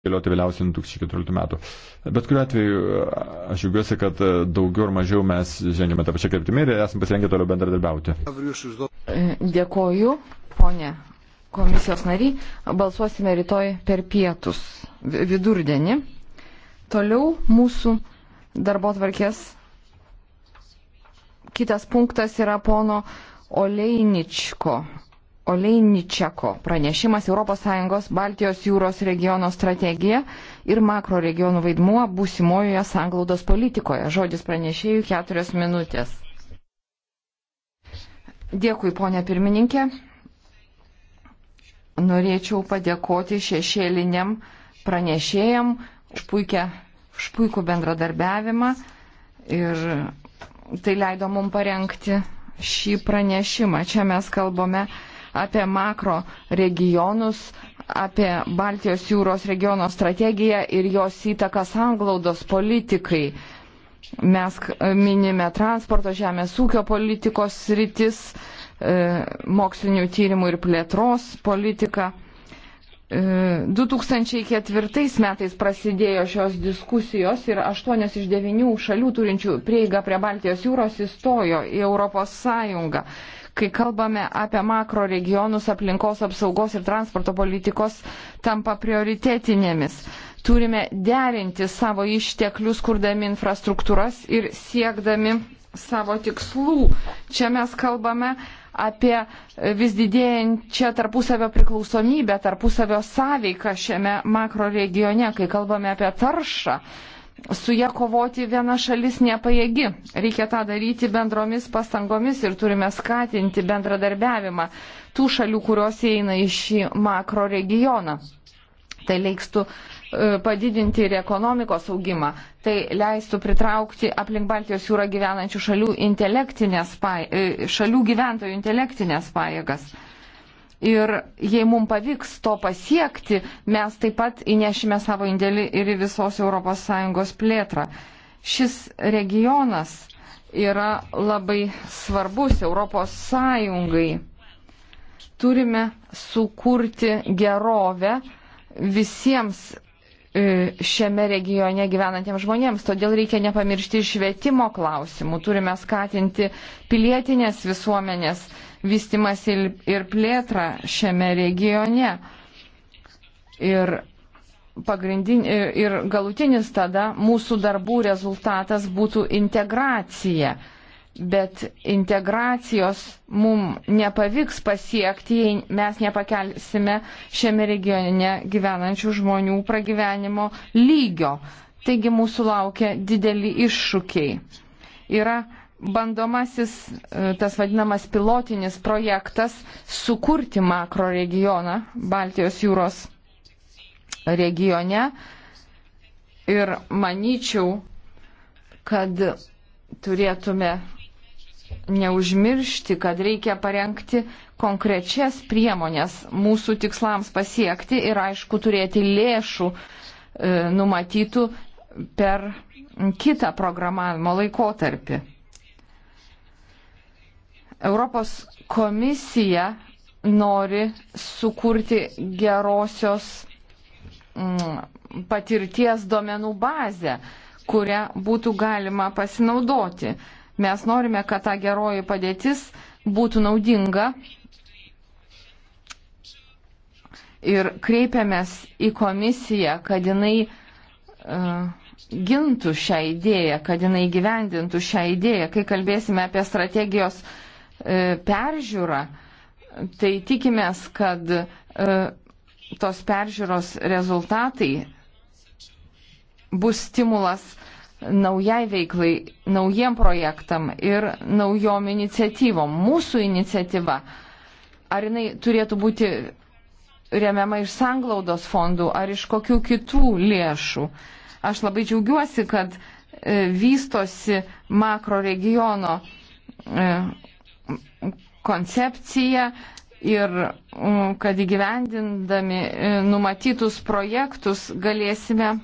galioti vėliausiai 2014 metų. Bet kuriu atveju aš jaugiuosi, kad e, daugiau ar mažiau mes žengėme tą pačią kryptimį ir esame pasirengę toliau bendradarbiauti. Dėkoju, ponė komisijos nary. Balsuosime rytoj per pietus vidurdienį. Toliau mūsų darbo tvarkės kitas punktas yra pono Oleiničko Olejničeko pranešimas ES Baltijos jūros regiono strategija ir makro regionų vaidmuo būsimojoje sanglaudos politikoje. Žodis pranešėjų keturios minutės. Dėkui, ponė pirmininkė. Norėčiau padėkoti šešėliniam pranešėjam už, puikia, už puikų bendradarbiavimą ir tai leido mums parengti šį pranešimą. Čia mes kalbame apie makro regionus, apie Baltijos jūros regiono strategiją ir jos įtaką sanglaudos politikai. Mes minime transporto, žemės ūkio politikos sritis, e, mokslinių tyrimų ir plėtros politiką. 2004 e, metais prasidėjo šios diskusijos ir 8 iš 9 šalių turinčių prieigą prie Baltijos jūros įstojo į Europos Sąjungą kai kalbame apie makro regionus, aplinkos apsaugos ir transporto politikos tampa prioritetinėmis. Turime derinti savo išteklius, kurdami infrastruktūras ir siekdami savo tikslų. Čia mes kalbame apie vis didėjančią tarpusavio priklausomybę, tarpusavio sąveiką šiame makro regione, kai kalbame apie taršą su ją kovoti viena šalis nepajėgi. Reikia tą daryti bendromis pastangomis ir turime skatinti bendradarbiavimą tų šalių, kurios įeina į šį makro regioną. Tai leikstų e, padidinti ir ekonomikos augimą. Tai leistų pritraukti aplink Baltijos jūrą gyvenančių šalių, e, šalių gyventojų intelektinės pajėgas. Ir jei mums pavyks to pasiekti, mes taip pat įnešime savo indėlį ir į visos ES plėtrą. Šis regionas yra labai svarbus ES. Turime sukurti gerovę visiems E, šiame regione gyvenantiems žmonėms. Todėl reikia nepamiršti švietimo klausimų. Turime skatinti pilietinės visuomenės vystimas ir plėtrą šiame regione. Ir, e, ir galutinis tada mūsų darbų rezultatas būtų integracija bet integracijos mums nepavyks pasiekti, jei mes nepakelsime šiame regione gyvenančių žmonių pragyvenimo lygio. Taigi mūsų laukia dideli iššūkiai. Yra bandomasis e, tas vadinamas pilotinis projektas sukurti makro regioną Baltijos jūros regione. Ir manyčiau, kad turėtume neužmiršti, kad reikia parengti konkrečias priemonės mūsų tikslams pasiekti ir aišku turėti lėšų e, numatytų per kitą programavimo laikotarpį. Europos komisija nori sukurti gerosios mm, patirties duomenų bazę, kurią būtų galima pasinaudoti. Mes norime, kad ta geroji padėtis būtų naudinga ir kreipiamės į komisiją, kad jinai uh, gintų šią idėją, kad jinai gyvendintų šią idėją. Kai kalbėsime apie strategijos uh, peržiūrą, tai tikimės, kad uh, tos peržiūros rezultatai bus stimulas uh, naujai veiklai, naujiem projektam ir naujom iniciatyvom. Mūsų iniciatyva, ar jinai turėtų būti remiama iš sanglaudos fondų ar iš kokių kitų lėšų. Aš labai džiaugiuosi, kad e, vystosi makro regiono e, koncepcija ir mm, kad įgyvendindami e, numatytus projektus galėsime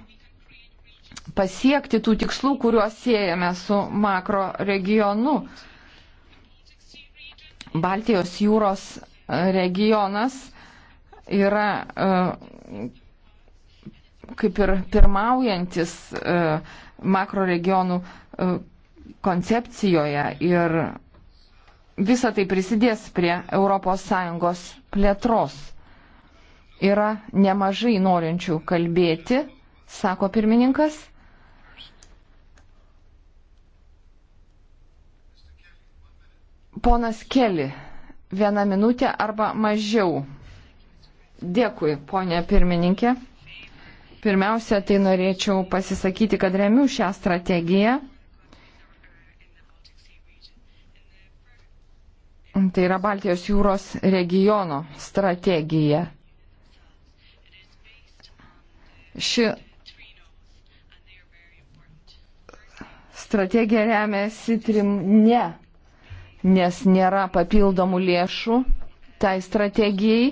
pasiekti tų tikslų, kuriuos siejame su makro regionu. Baltijos jūros regionas yra e, kaip ir pirmaujantis e, makro regionų e, koncepcijoje ir visa tai prisidės prie ES plėtros. Yra nemažai norinčių kalbėti, sako pirmininkas. Ponas Keli, vieną minutę arba mažiau. Dėkui, ponė pirmininkė. Pirmiausia, tai norėčiau pasisakyti, kad remiu šią strategiją. Tai yra Baltijos jūros regiono strategija. Ši strategija remiasi trim ne nes nėra papildomų lėšų tai strategijai,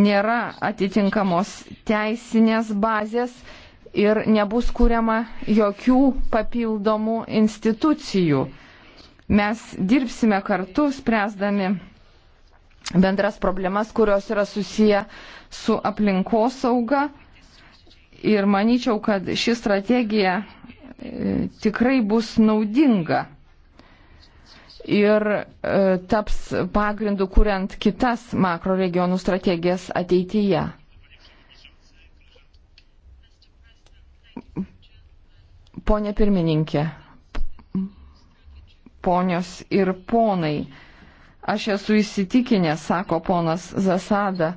nėra atitinkamos teisinės bazės ir nebus kuriama jokių papildomų institucijų. Mes dirbsime kartu, spręsdami bendras problemas, kurios yra susiję su aplinkosauga. Ir manyčiau, kad ši strategija e, tikrai bus naudinga ir e, taps pagrindu kuriant kitas makro regionų strategijas ateityje. Pone pirmininkė, ponios ir ponai, aš esu įsitikinęs, sako ponas Zasada,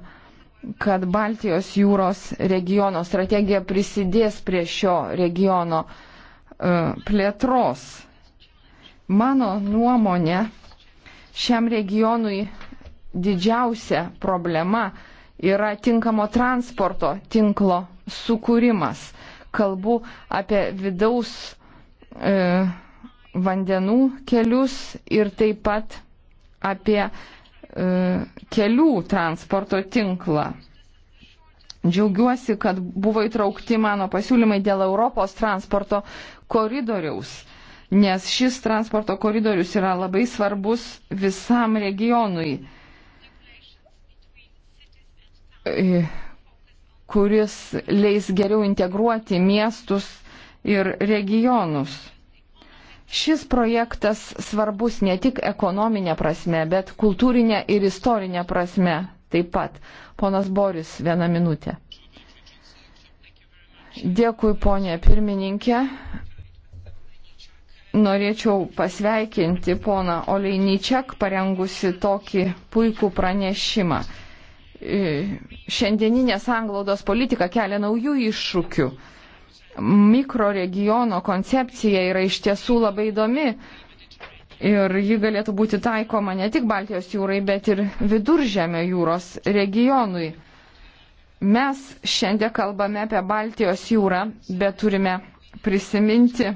kad Baltijos jūros regiono strategija prisidės prie šio regiono e, plėtros Mano nuomonė, šiam regionui didžiausia problema yra tinkamo transporto tinklo sukūrimas. Kalbu apie vidaus e, vandenų kelius ir taip pat apie e, kelių transporto tinklą. Džiaugiuosi, kad buvo įtraukti mano pasiūlymai dėl Europos transporto koridoriaus nes šis transporto koridorius yra labai svarbus visam regionui, e, kuris leis geriau integruoti miestus ir regionus. Šis projektas svarbus ne tik ekonominė prasme, bet kultūrinė ir istorinė prasme taip pat. Ponas Boris, vieną minutę. Dėkui, ponė pirmininkė norėčiau pasveikinti poną Oleinyčiak, parengusi tokį puikų pranešimą. E, Šiandieninė sanglaudos politika kelia naujų iššūkių. Mikroregiono koncepcija yra iš tiesų labai įdomi ir ji galėtų būti taikoma ne tik Baltijos jūrai, bet ir viduržėmio jūros regionui. Mes šiandien kalbame apie Baltijos jūrą, bet turime prisiminti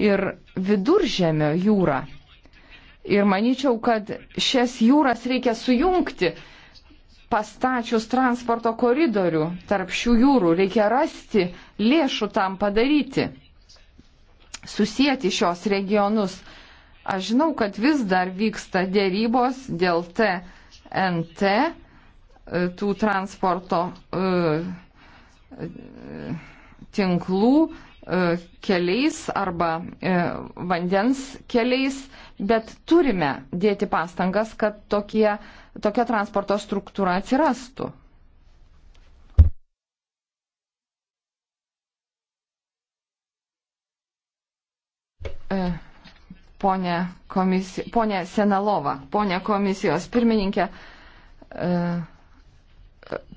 ir viduržėmio jūrą. Ir manyčiau, kad šias jūras reikia sujungti, pastatčius transporto koridorių tarp šių jūrų. Reikia rasti lėšų tam padaryti, susijęti šios regionus. Aš žinau, kad vis dar vyksta dėrybos dėl TNT, e, tų transporto uh, tinklų, E, keliais arba e, vandens keliais, bet turime dėti pastangas, kad tokie, tokia transporto struktūra atsirastų. E, pone, komisi, pone Senalova, pone komisijos pirmininkė,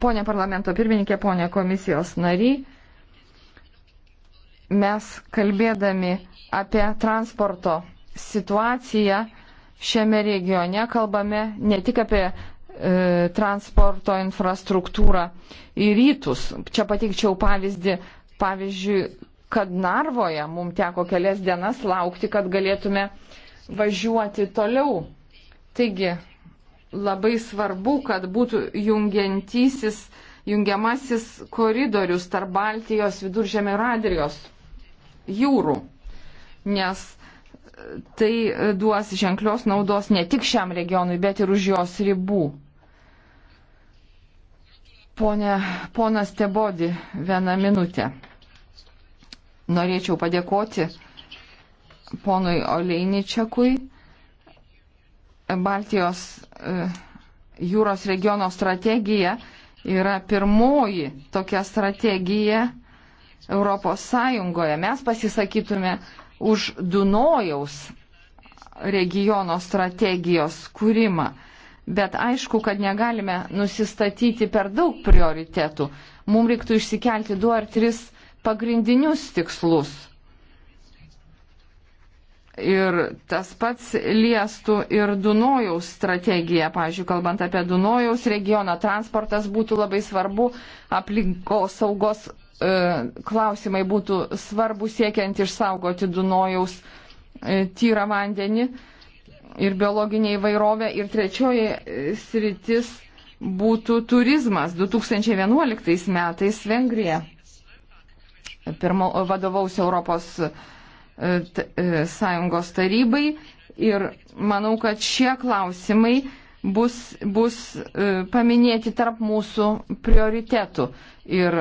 pone parlamento pirmininkė, pone komisijos nariai mes kalbėdami apie transporto situaciją šiame regione kalbame ne tik apie e, transporto infrastruktūrą į rytus. Čia pateikčiau pavyzdį, pavyzdžiui, kad Narvoje mums teko kelias dienas laukti, kad galėtume važiuoti toliau. Taigi labai svarbu, kad būtų jungiantysis, jungiamasis koridorius tarp Baltijos, Viduržėmio ir Adrijos jūrų, nes tai duos ženklios naudos ne tik šiam regionui, bet ir už jos ribų. Pone, ponas Tebodi, vieną minutę. Norėčiau padėkoti ponui Oleiničiakui, Baltijos e, jūros regiono strategija yra pirmoji tokia strategija Europos Sąjungoje. Mes pasisakytume už Dunojaus regiono strategijos kūrimą. Bet aišku, kad negalime nusistatyti per daug prioritetų. Mums reiktų išsikelti du ar tris pagrindinius tikslus. Ir tas pats liestų ir Dunojaus strategiją. Pavyzdžiui, kalbant apie Dunojaus regioną, transportas būtų labai svarbu, aplinkos saugos E, klausimai būtų svarbu siekiant išsaugoti Dunojaus e, tyrą vandenį ir biologinę įvairovę. Ir trečioji e, sritis būtų turizmas 2011 metais Vengrija. Pirmo, vadovaus Europos Sąjungos tarybai ir manau, kad šie klausimai bus, bus paminėti tarp mūsų prioritetų ir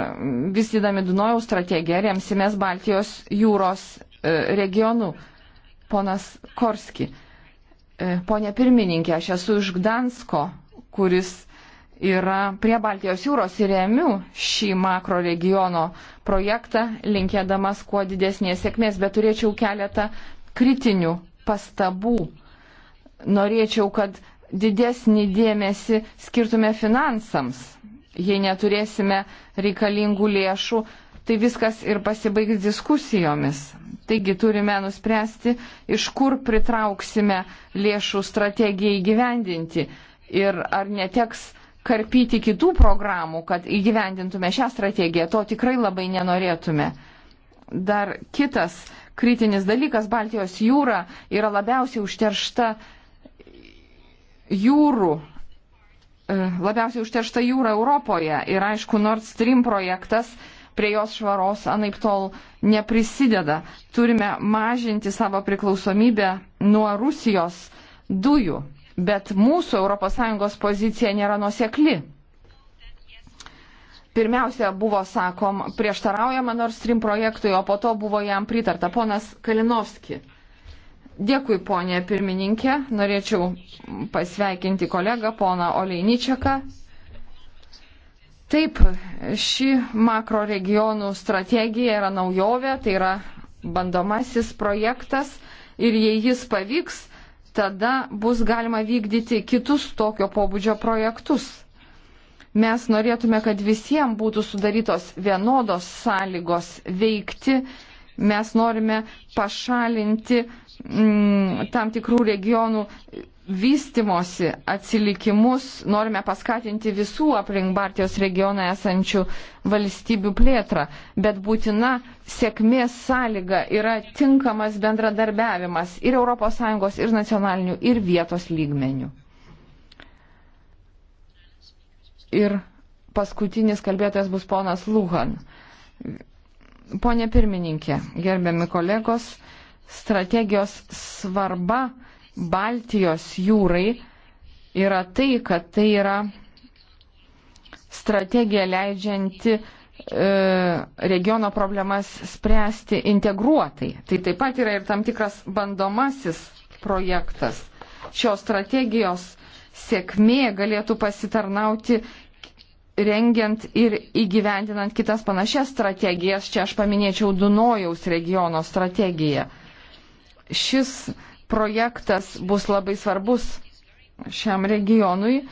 vystydami Dunojaus strategiją remsimės Baltijos jūros e, regionu. Ponas Korski. E, Pone pirmininkė, aš esu iš Gdansko, kuris yra prie Baltijos jūros ir remiu šį makro regiono projektą, linkėdamas kuo didesnės sėkmės, bet turėčiau keletą kritinių pastabų. Norėčiau, kad didesnį dėmesį skirtume finansams, jei neturėsime reikalingų lėšų, tai viskas ir pasibaigs diskusijomis. Taigi turime nuspręsti, iš kur pritrauksime lėšų strategijai gyvendinti ir ar neteks karpyti kitų programų, kad įgyvendintume šią strategiją. To tikrai labai nenorėtume. Dar kitas kritinis dalykas - Baltijos jūra yra labiausiai užteršta jūrų E, labiausiai užteršta jūra Europoje. Ir aišku, Nord Stream projektas prie jos švaros anaip tol neprisideda. Turime mažinti savo priklausomybę nuo Rusijos dujų, bet mūsų ES pozicija nėra nusekli. Pirmiausia, buvo sakom, prieštaraujama Nord Stream projektui, o po to buvo jam pritarta. Ponas Kalinovski. Dėkui, ponė pirmininkė. Norėčiau pasveikinti kolegą, poną Oleiničiaką. Taip, ši makro regionų strategija yra naujovė, tai yra bandomasis projektas ir jei jis pavyks, tada bus galima vykdyti kitus tokio pobūdžio projektus. Mes norėtume, kad visiems būtų sudarytos vienodos sąlygos veikti. Mes norime pašalinti uh, mm, tam tikrų regionų vystimosi atsilikimus, norime paskatinti visų aplink Baltijos regioną esančių valstybių plėtrą, bet būtina sėkmės sąlyga yra tinkamas bendradarbiavimas ir ES, ir nacionalinių, ir vietos lygmenių. Ir paskutinis kalbėtojas bus ponas Luhan. Pone pirmininkė, gerbiami kolegos, strategijos svarba Baltijos jūrai yra tai, kad tai yra strategija leidžianti e, regiono problemas spręsti integruotai. Tai taip pat yra ir tam tikras bandomasis projektas. Šios strategijos sėkmė galėtų pasitarnauti rengiant ir įgyvendinant kitas panašias strategijas. Čia aš paminėčiau Dunojaus regiono strategiją šis projektas bus labai svarbus šiam regionui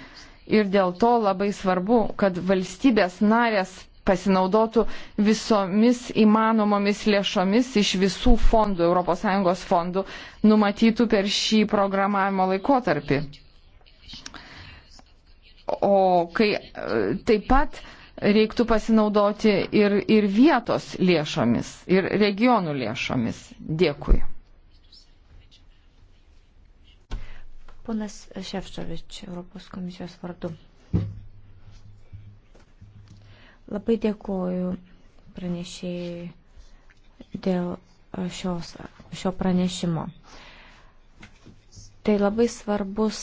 ir dėl to labai svarbu, kad valstybės narės pasinaudotų visomis įmanomomis lėšomis iš visų fondų, ES fondų, numatytų per šį programavimo laikotarpį. O kai e, taip pat reiktų pasinaudoti ir, ir vietos lėšomis, ir regionų lėšomis. Dėkui. Ponas Šefčovič, Europos komisijos vardu. Labai dėkoju pranešėjai dėl šios, šio pranešimo. Tai labai svarbus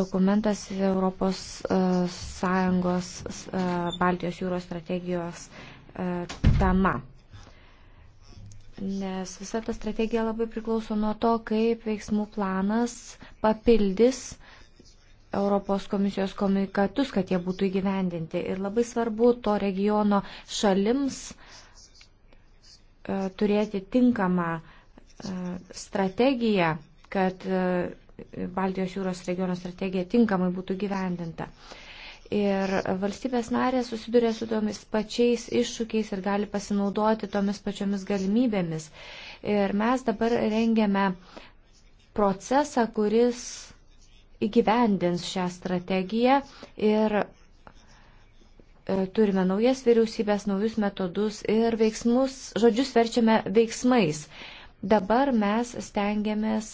dokumentas Europos e, Sąjungos e, Baltijos jūros strategijos e, tema nes visa ta strategija labai priklauso nuo to, kaip veiksmų planas papildys Europos komisijos komunikatus, kad jie būtų įgyvendinti. Ir labai svarbu to regiono šalims e, turėti tinkamą e, strategiją, kad e, Baltijos jūros regiono strategija tinkamai būtų gyvendinta. Uh, Ir valstybės narės susiduria su tomis pačiais iššūkiais ir gali pasinaudoti tomis pačiomis galimybėmis. Ir mes dabar rengiame procesą, kuris įgyvendins šią strategiją ir e, turime naujas vyriausybės, naujus metodus ir veiksmus, žodžius verčiame veiksmais. Dabar mes stengiamės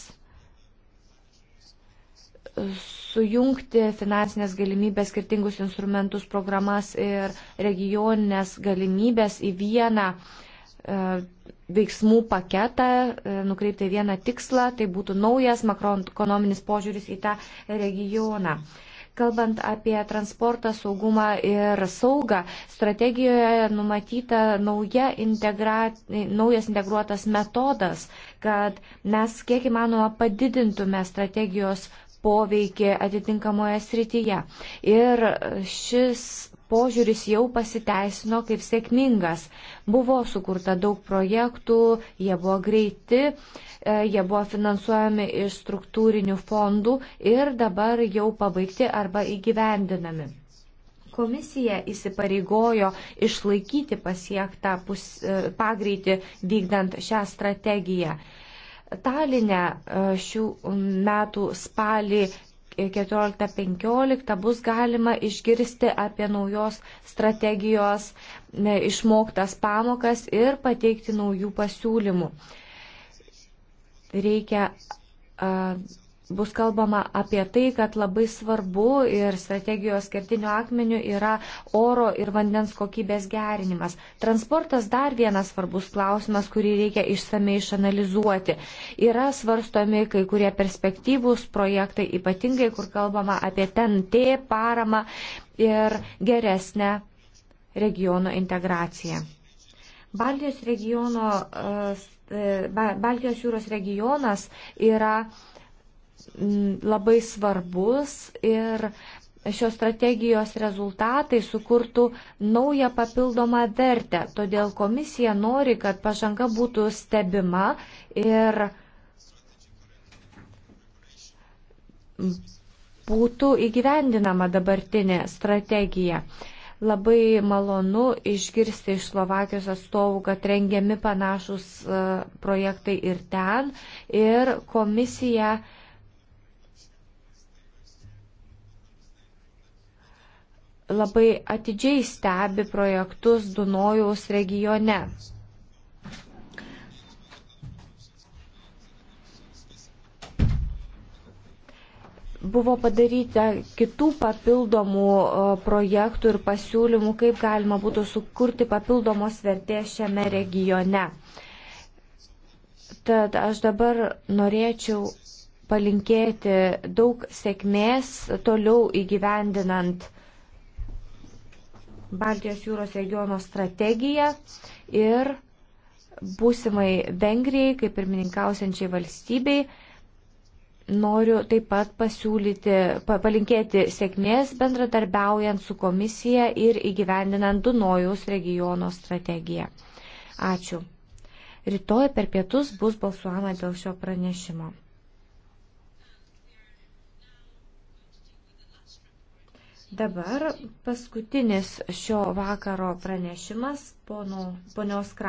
e, sujungti finansinės galimybės, skirtingus instrumentus, programas ir regioninės galimybės į vieną e, veiksmų paketą, e, nukreipti vieną tikslą, tai būtų naujas makroekonominis požiūris į tą regioną. Kalbant apie transportą, saugumą ir saugą, strategijoje numatyta nauja integra, naujas integruotas metodas, kad mes kiek įmanoma padidintume strategijos poveikį atitinkamoje srityje. Ir šis požiūris jau pasiteisino kaip sėkmingas. Buvo sukurta daug projektų, jie buvo greiti, e, jie buvo finansuojami iš struktūrinių fondų ir dabar jau pabaigti arba įgyvendinami. Komisija įsipareigojo išlaikyti pasiektą pus, e, pagreitį vykdant šią strategiją. Taline šių metų spalį 14-15 bus galima išgirsti apie naujos strategijos e, išmoktas pamokas ir pateikti naujų pasiūlymų. Reikia uh, bus kalbama apie tai, kad labai svarbu ir strategijos kertiniu akmeniu yra oro ir vandens kokybės gerinimas. Transportas dar vienas svarbus klausimas, kurį reikia išsamei išanalizuoti. Yra svarstomi kai kurie perspektyvūs projektai, ypatingai kur kalbama apie TNT paramą ir geresnę regiono integraciją. Baltijos, regiono, e, e, Baltijos jūros regionas yra labai svarbus ir šios strategijos rezultatai sukurtų naują papildomą vertę. Todėl komisija nori, kad pažanga būtų stebima ir būtų įgyvendinama dabartinė strategija. Labai malonu išgirsti iš Slovakijos atstovų, kad rengiami panašus e, projektai ir ten. Ir komisija uh, labai atidžiai stebi projektus Dunojaus regione. buvo padaryta kitų papildomų projektų ir pasiūlymų, kaip galima būtų sukurti papildomos vertės šiame regione. Tad aš dabar norėčiau palinkėti daug sėkmės toliau įgyvendinant Baltijos jūros regiono strategiją ir būsimai Vengrijai, kaip ir mininkausiančiai valstybei, noriu taip pat pasiūlyti, palinkėti sėkmės bendradarbiaujant su komisija ir įgyvendinant Dunojus regiono strategiją. Ačiū. Rytoj per pietus bus balsuojama dėl šio pranešimo. Dabar paskutinis šio vakaro pranešimas pono, ponios Kra.